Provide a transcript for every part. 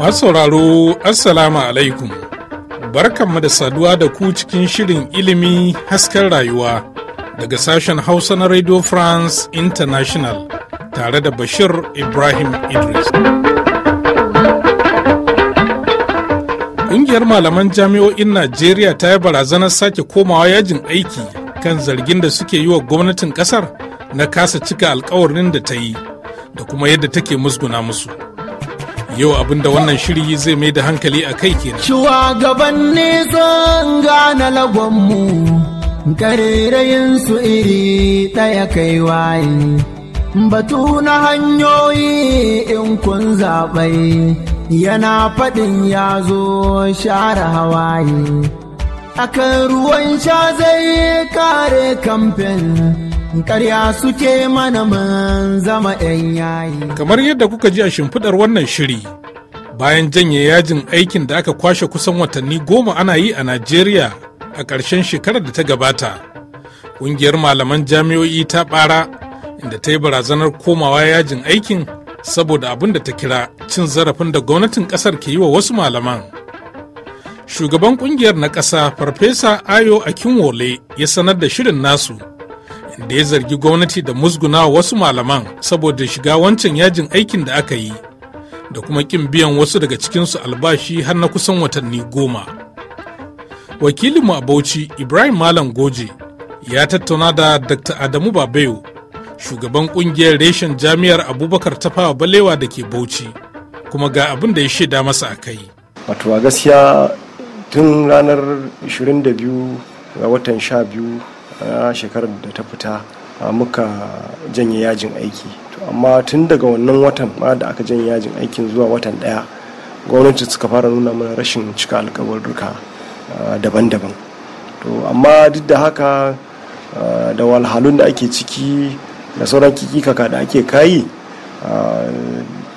Masu sauraro Assalamu alaikum barkanmu da saduwa da ku cikin shirin ilimi hasken rayuwa daga sashen Hausa na Radio France International tare da Bashir Ibrahim Idris. Ƙungiyar malaman jami'o'in Najeriya ta yi barazanar sake komawa yajin aiki kan zargin da suke yi wa gwamnatin ƙasar na kasa cika alkawarin da ta yi da kuma yadda take musguna musu yau abin da wannan shiri zai mai da hankali a kai kenan shugabanni sun gane lagonmu karerayin su iri ɗaya kai waye batu na hanyoyi in kun zaɓai yana faɗin ya zo share hawaye akan ruwan sha zai kare kamfen karya suke mana man zama 'yan yayi. Kamar yadda kuka ji a shimfiɗar wannan shiri, bayan janye yajin aikin da aka kwashe kusan watanni goma ana yi a Najeriya a ƙarshen shekarar da ta gabata, ƙungiyar malaman jami'o'i ta ɓara inda ta yi barazanar komawa yajin aikin saboda abin da ta kira cin zarafin da gwamnatin ƙasar ke yi wa wasu malaman. shugaban kungiyar na ƙasa farfesa ayo akinwole ya sanar da shirin nasu inda ya zargi gwamnati da musguna wasu malaman saboda shiga wancan yajin aikin da aka yi da kuma kin biyan wasu daga cikinsu albashi har na kusan watanni goma wakilinmu a bauchi ibrahim malam goje ya tattauna da dr adamu babayo shugaban kungiyar reshen jami'ar abubakar tafawa balewa da ke bauchi kuma ga abin da ya shaida masa a kai wato gaskiya tun ranar 22 ga watan 12 a shekarar da ta fita muka janye yajin aiki amma tun daga wannan watan ma da aka janye yajin aikin zuwa watan daya gwamnati suka fara nuna mana rashin cika alkawarruka daban-daban to amma duk da haka da walhalun da ake ciki da sauran kikikaka da ake kayi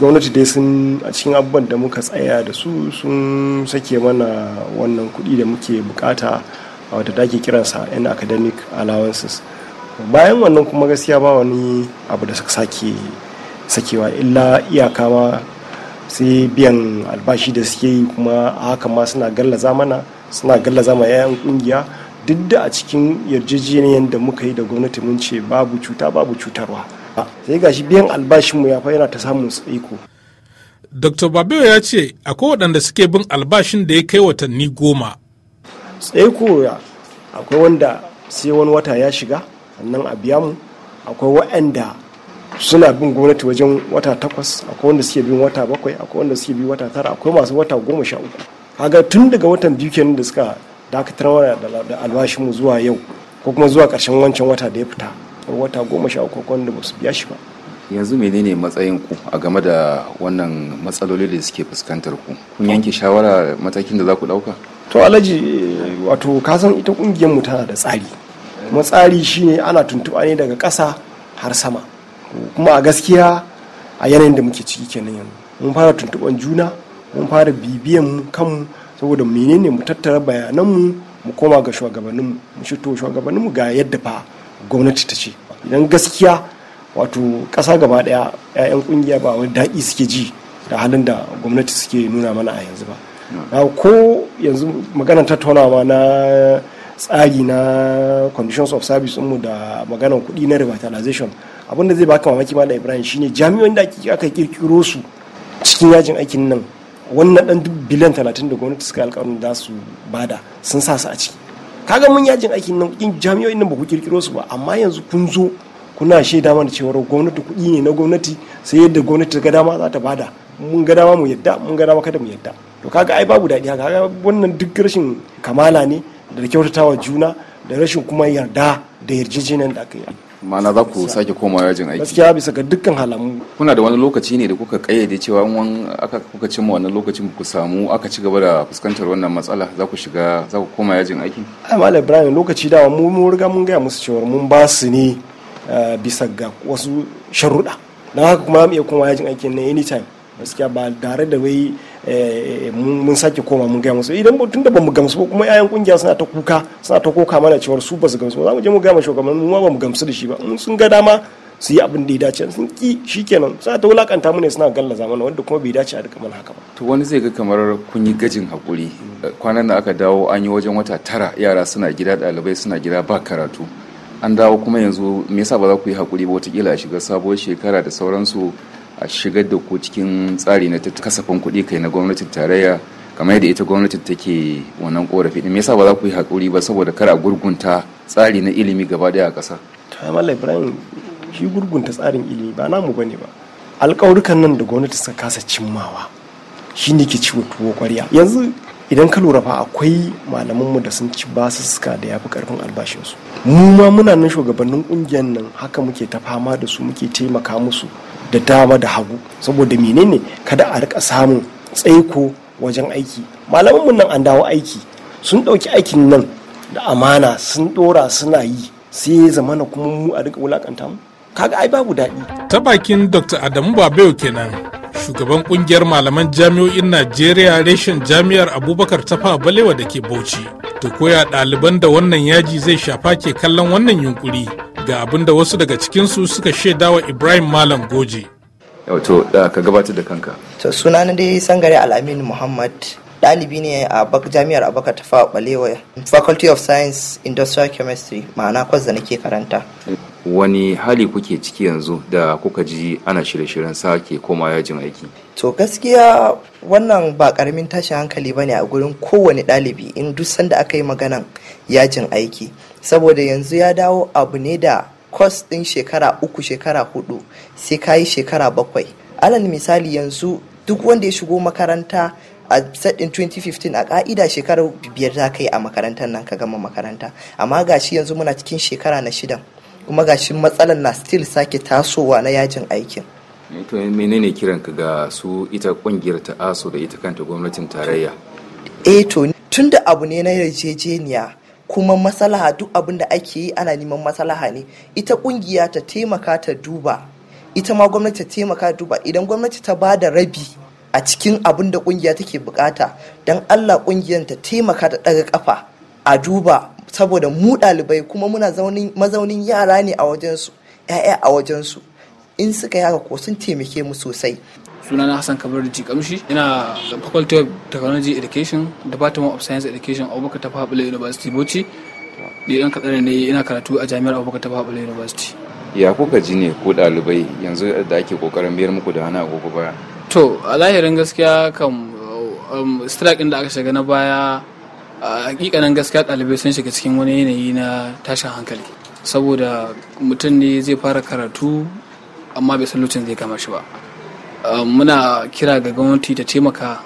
gwamnati dai sun a cikin abubuwan da muka tsaya da su sun sake mana wannan kuɗi da muke bukata a wata take kiransa yan academic allowances bayan wannan kuma gaskiya ba wani abu da suka sake sakewa illa iyaka ma sai biyan albashi da suke yi kuma a haka ma suna gallaza mana suna gallaza ma 'ya'yan kungiya duk da a cikin yarjejeniyar da muka yi da gwamnati mun ce babu cuta babu cutarwa sai gashi biyan albashin mu ya fa yana ta samun tsaiko dr babeo ya ce akwai waɗanda suke bin albashin da ya kai watanni goma tsaiko ya akwai wanda sai wani wata ya shiga sannan a biya mu akwai waɗanda suna bin gwamnati wajen wata takwas akwai wanda suke bin wata bakwai akwai wanda suke bin wata tara akwai masu wata goma sha uku kaga tun daga watan biyu kenan da suka dakatar da albashin mu zuwa yau ko kuma zuwa ƙarshen wancan wata da ya fita wata goma sha uku wanda ba su biya shi ba yanzu menene matsayin ku a game da wannan matsaloli da suke fuskantar ku kun yanke shawara matakin da za ku dauka to alhaji wato kasan ita kungiyar mu tana da tsari kuma tsari shine ana tuntuɓa ne daga ƙasa har sama kuma a gaskiya a yanayin da muke ciki kenan yanzu mun fara tuntuɓan juna mun fara bibiyan kanmu saboda menene mu tattara bayananmu mu koma ga shugabanninmu mu shito shugabanninmu ga yadda fa gwamnati ta ce idan gaskiya wato ƙasa gaba ɗaya 'ya'yan ƙungiya ba wani daɗi suke ji da halin da gwamnati suke nuna mana a yanzu ba ko yanzu maganar tattaunawa na tsari na conditions of service mu da maganar kuɗi na revitalization abinda zai baka mamaki ma da ibrahim shine jami'an da aka kirkiro su cikin yajin aikin nan wannan dan biliyan talatin da gwamnati suka alƙawarin da su bada sun sa su a ciki kaga mun yajin aikin nan kudin jami'o'in nan ba ku kirkiro su ba amma yanzu kun zo kuna shaida mana cewa gwamnati kuɗi ne na gwamnati sai yadda gwamnati ga dama za ta bada mun ga dama mu yadda mun ga dama kada mu yadda to kaga ai babu daɗi haka kaga wannan duk rashin kamala ne da kyautatawa juna da rashin kuma yarda da yarjejeniyar da aka yi ma'ana za ku sake koma yajin aiki gaskiya bisa ga dukkan halamu kuna da wani lokaci ne da kuka kayyade cewa in aka kuka cimma wannan lokacin ku samu aka ci gaba da fuskantar wannan matsala za ku shiga za ku koma yajin aiki ai malam ibrahim lokaci dawa mu mun riga mun gaya musu cewa mun ba su ne eh, bisa ga wasu sharuɗa don haka kuma za mu iya koma yajin aikin na anytime gaskiya ba tare da wai Eh, eh, mun sake koma mun gaya musu idan tun da bamu gamsu kuma yayan kungiya suna ta kuka suna ta koka mana cewar su basu gamsu za mu je mu gaya ma shugaban mu ma mu gamsu da shi ba mun sun ga dama su yi abin da ya dace sun ki shikenan suna ta wulakanta mu ne suna gallaza mana wanda kuma bai dace a duka mana haka ba to wani zai ga kamar kun yi gajin hakuri kwanan da aka dawo an yi wajen wata tara yara suna gida dalibai suna gida ba karatu an dawo kuma yanzu me yasa ba za ku yi hakuri ba watakila a shiga sabuwar shekara da sauransu a shigar da ku cikin tsari na kasafin kuɗi kai na gwamnatin tarayya kamar yadda ita gwamnatin take wannan korafi me yasa ba za ku yi hakuri ba saboda kar a gurgunta tsari na ilimi gaba daya a ƙasa to malla ibrahim shi gurgunta tsarin ilimi ba namu ne ba alƙawurkan nan da gwamnati suka kasa cimmawa shi ne ke ciwo tuwo ƙwarya yanzu idan ka lura fa akwai malamanmu da sun ci basussuka da ya fi karfin albashinsu mu ma muna nan shugabannin ƙungiyar nan haka muke ta fama da su muke taimaka musu da dama da hagu saboda menene kada a rika samun tsaiko wajen aiki malamanmu nan an dawo aiki sun ɗauki aikin nan da amana sun ɗora suna yi sai ya zamana kuma mu a rika wulakanta mu kaga ai babu daɗi ta bakin dr adamu babeo kenan shugaban kungiyar malaman jami'o'in najeriya reshen jami'ar abubakar tafa balewa da ke bauchi to koya ɗaliban da wannan yaji zai shafa ke kallon wannan yunkuri ga abinda wasu daga cikinsu suka shaida wa ibrahim malam goje to da ka gabatar da kanka to suna na dai sangare al'amin muhammad ɗalibi ne a jami'ar abaka ta fawa balewa faculty of science industrial chemistry ma'ana kwas da nake karanta wani hali kuke ciki yanzu da kuka ji ana shirye-shiryen sake koma yajin aiki to gaskiya wannan ba karamin tashin hankali bane a gurin kowane ɗalibi in duk sanda aka yi maganan yajin aiki saboda yanzu ya dawo abu ne da kwas ɗin shekara uku shekara hudu sai kayi shekara bakwai alal misali yanzu duk wanda ya shigo makaranta a sadin 2015 a ƙa'ida shekarar biyar za ka yi a makarantar nan ka gama makaranta amma gashi yanzu muna cikin shekara na shidan kuma gashi matsalar na still sake tasowa na yajin aikin Eh, to menene ka ga su ita kungiyar ta aso da ita kanta gwamnatin tarayya eh to tunda abu ne na yarjejeniya kuma maslaha duk abin da ake yi ana neman maslaha ne ita kungiya ta taimaka ta duba ita ma gwamnati ta taimaka ta duba idan gwamnati ta ba da rabi a cikin abin da kungiya take bukata dan allah kungiyar ta taimaka ta daga kafa a duba saboda mu dalibai kuma muna mazaunin yara ne a wajensu 'ya'ya a wajen su. in suka yaka ko sun taimake mu sosai sunana hassan kamar da jikamshi ina faculty of technology education department of science education abubakar ta fahabula university bauchi da yan katsina ne ina karatu a jami'ar abubakar ta fahabula university ya kuka ji ne ko ɗalibai yanzu da ake kokarin biyar muku da hana agogo baya to a lahirin gaskiya kam um, strike da aka shiga na baya a hakikanin gaskiya ɗalibai sun shiga cikin wani yanayi na tashin hankali saboda mutum ne zai fara karatu amma bai san lokacin zai kama shi ba muna kira ga gwamnati ta taimaka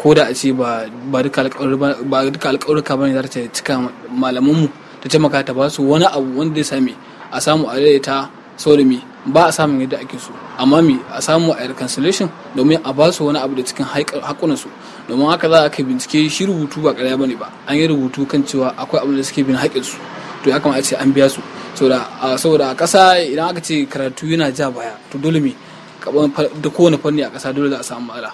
ko da a ce ba duka alƙawarka ba ne za ta cika malamanmu ta taimaka ta ba su wani abu wanda ya sami a samu a daidaita saboda ba a samun yadda ake so amma mi a samu a reconciliation domin a ba su wani abu da cikin haƙunan domin haka za a kai bincike shi rubutu ba ƙarya ne ba an yi rubutu kan cewa akwai abu da suke bin haƙin su to ya kamata a ce an biya su saboda a ƙasa idan aka ce karatu yana ja baya to dole me da kowane fanni a ƙasa dole za a samu matsala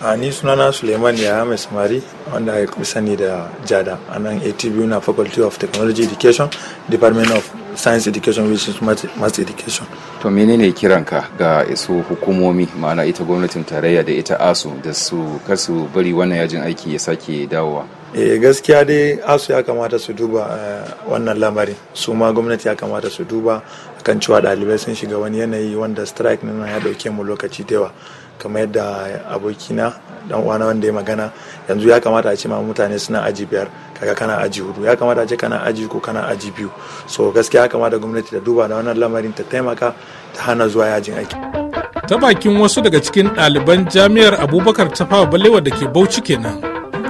a ni sunana suleiman ya mai samari wanda ya kuma sani da jada a nan atv na faculty of technology education department of science education which is mass education to menene kiranka ga isu hukumomi ma'ana ita gwamnatin tarayya da ita asu da su kasu bari wannan yajin aiki ya sake dawowa e gaskiya dai asu ya kamata su duba eh, wannan lamarin su ma gwamnati ya kamata su duba kan cewa dalibai sun shiga wani yanayi wanda strike nan ya dauke mu lokaci da yawa kamar yadda abokina dan uwana wanda ya magana yanzu ya kamata a ce ma mutane suna aji biyar kaga kana aji hudu ya kamata a ce kana aji ko kana aji biyu so gaskiya ya kamata gwamnati ta duba da wannan lamarin ta taimaka ta hana zuwa yajin aiki ta bakin wasu daga cikin ɗaliban jami'ar abubakar tafawa balewa da ke bauchi kenan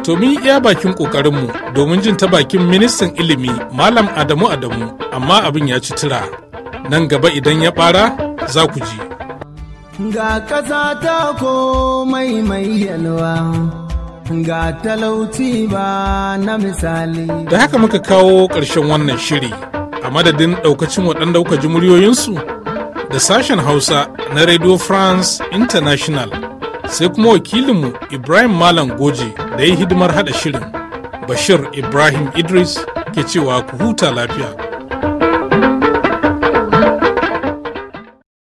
To mun iya bakin ƙoƙarinmu domin jin ta bakin ministan ilimi Malam Adamu Adamu amma abin ya ci tura. Nan gaba idan ya ɓara za ku ji. Ga ƙasa ta komai mai yalwa, ga talauci ba na misali. Da haka muka kawo ƙarshen wannan shiri a madadin ɗaukacin waɗanda kuka ji muryoyinsu da sashen Hausa na Radio France International. sai kuma wakilinmu ibrahim malam goje da ya hidimar hada shirin bashir ibrahim idris ke cewa ku huta lafiya